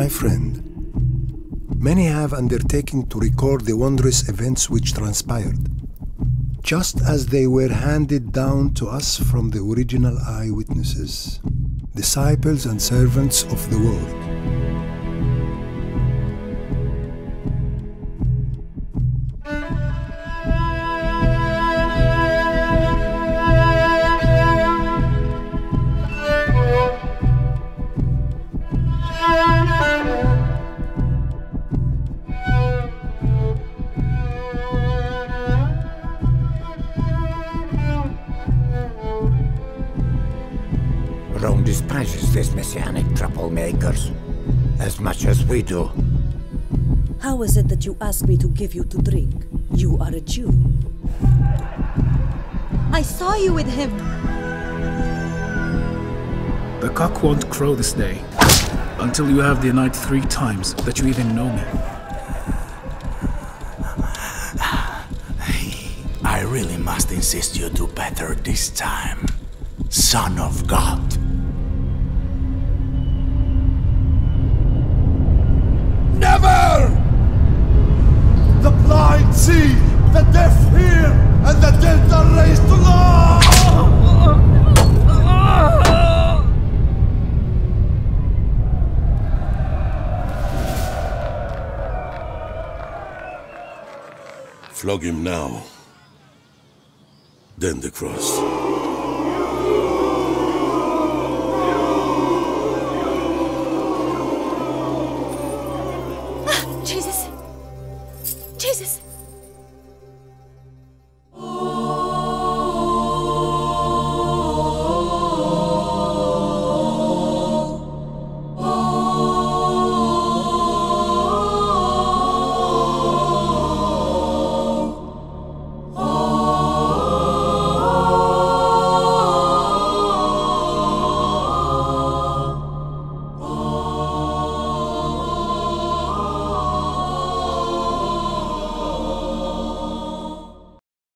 my friend. Many have undertaken to record the wondrous events which transpired, just as they were handed down to us from the original eyewitnesses, disciples and servants of the word. Rome despises these messianic troublemakers as much as we do. How is it that you ask me to give you to drink? You are a Jew. I saw you with him. The cock won't crow this day until you have denied three times that you even know me. I really must insist you do better this time, son of God. the deaf hear and the dead are raised to life! Flog him now. Then the cross.